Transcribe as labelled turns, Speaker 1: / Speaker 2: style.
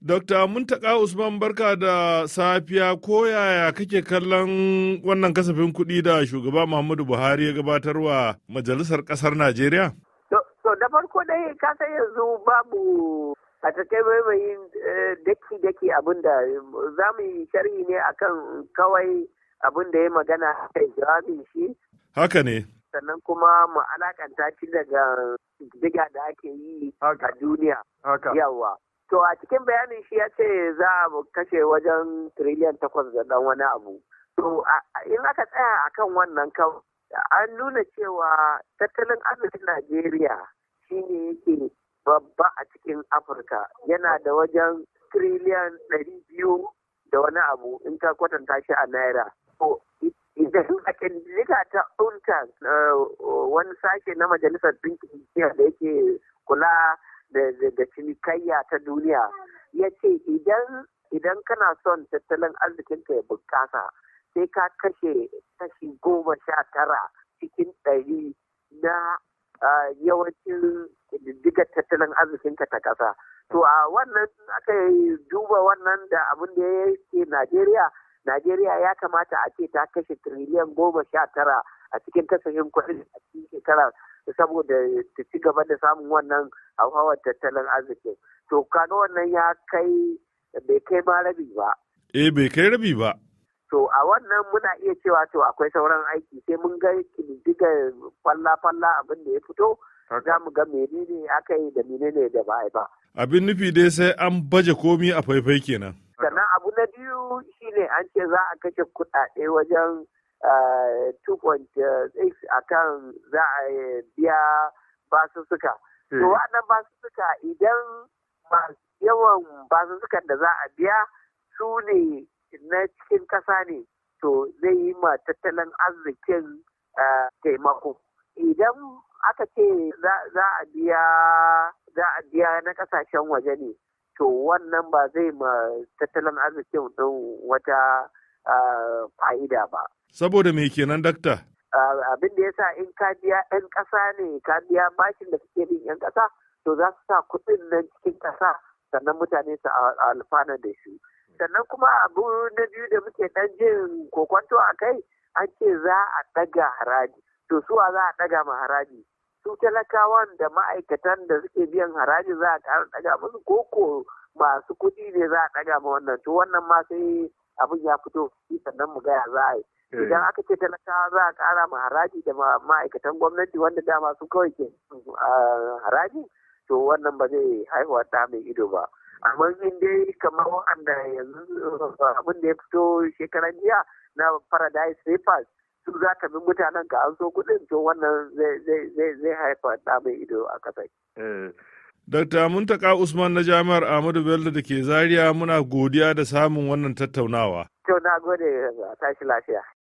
Speaker 1: Dokta Muntaka Usman barka da safiya ko yaya kake kallon wannan kasafin kuɗi da shugaba Muhammadu Buhari ya gabatar wa majalisar ƙasar Najeriya? So da farko dai ka yanzu babu a take maimayin eh, daki daki abin da za mu yi sharhi ne akan kawai abin da ya magana kai shi. Haka ne. sannan kuma mu alakanta shi daga diga da ake yi a duniya. Yawa. To a cikin bayanin shi ya ce za mu kashe wajen tiriliyan takwas da dan wani abu. To in aka tsaya akan wannan kan an nuna cewa tattalin arzikin Najeriya shi ne yake babba a cikin Afirka yana da wajen tiriliyan ɗari biyu da wani abu in ka kwatanta shi a naira. To idan a ta UNTA eh, wani sashe na Majalisar jiya da yake kula da cinikayya ta duniya ya ce idan kana son tattalin arzikinka ya bunkasa sai ka kashe kashi goma sha tara cikin ɗari na yawancin diga tattalin arzikinka ta ƙasa. To a wannan aka duba wannan da abin da ya ke Najeriya, Najeriya ya kamata a ce ta kashe tiriliyan goma sha tara a cikin kasashen kwanin a cikin shekara saboda ta ci gaba da samun wannan hauhawar tattalin arzikin to kano wannan ya kai bai kai ma rabi ba eh bai kai rabi ba to a wannan muna iya cewa to akwai sauran aiki sai mun ga kilidigar falla-falla abin da ya fito za mu ga menene aka yi da menene da ba ba abin nufi dai sai an baje komi a faifai kenan sannan abu na biyu shine an ce za a kashe kuɗaɗe wajen 2.6 eh, akan za a biya basussuka. To hmm. waɗannan basussuka idan yawan basussukan da za a biya su ne na cikin ƙasa ne to zai yi ma tattalin arzikin eh, taimako. Idan aka ce za a biya za a biya na ƙasashen waje ne to wannan ba zai ma tattalin arzikin ɗin wata eh, fa'ida ba. Saboda me kenan dakta? Abin da ya sa in ka biya 'yan ƙasa ne ka biya mashin da kake bin 'yan ƙasa to za su sa kuɗin nan cikin kasa sannan mutane su alfana da shi. Sannan kuma abu na biyu da muke ɗan jin kokwanto a kai an ce za a ɗaga haraji. To suwa za a ɗaga ma haraji? Su talakawan da ma'aikatan da suke biyan haraji za a ƙara ɗaga musu koko masu kuɗi ne za a ɗaga ma wannan to wannan ma sai abin ya fito sannan mu gaya za a yi eh. idan aka ce talakawa za a kara ma haraji da ma'aikatan gwamnati wanda dama su kawai ke haraji to wannan ba zai haihuwa ta mai ido ba amma in dai kamar wanda yanzu uh, abin da ya fito shekaran jiya na paradise papers su za ka bi mutanen ka an so kuɗin to wannan zai haifa ta mai ido a kasai. Eh. Dr. Muntaka Usman na Jami'ar Ahmadu Bello da ke Zaria muna godiya da samun wannan tattaunawa. Kyau na gode tashi lafiya.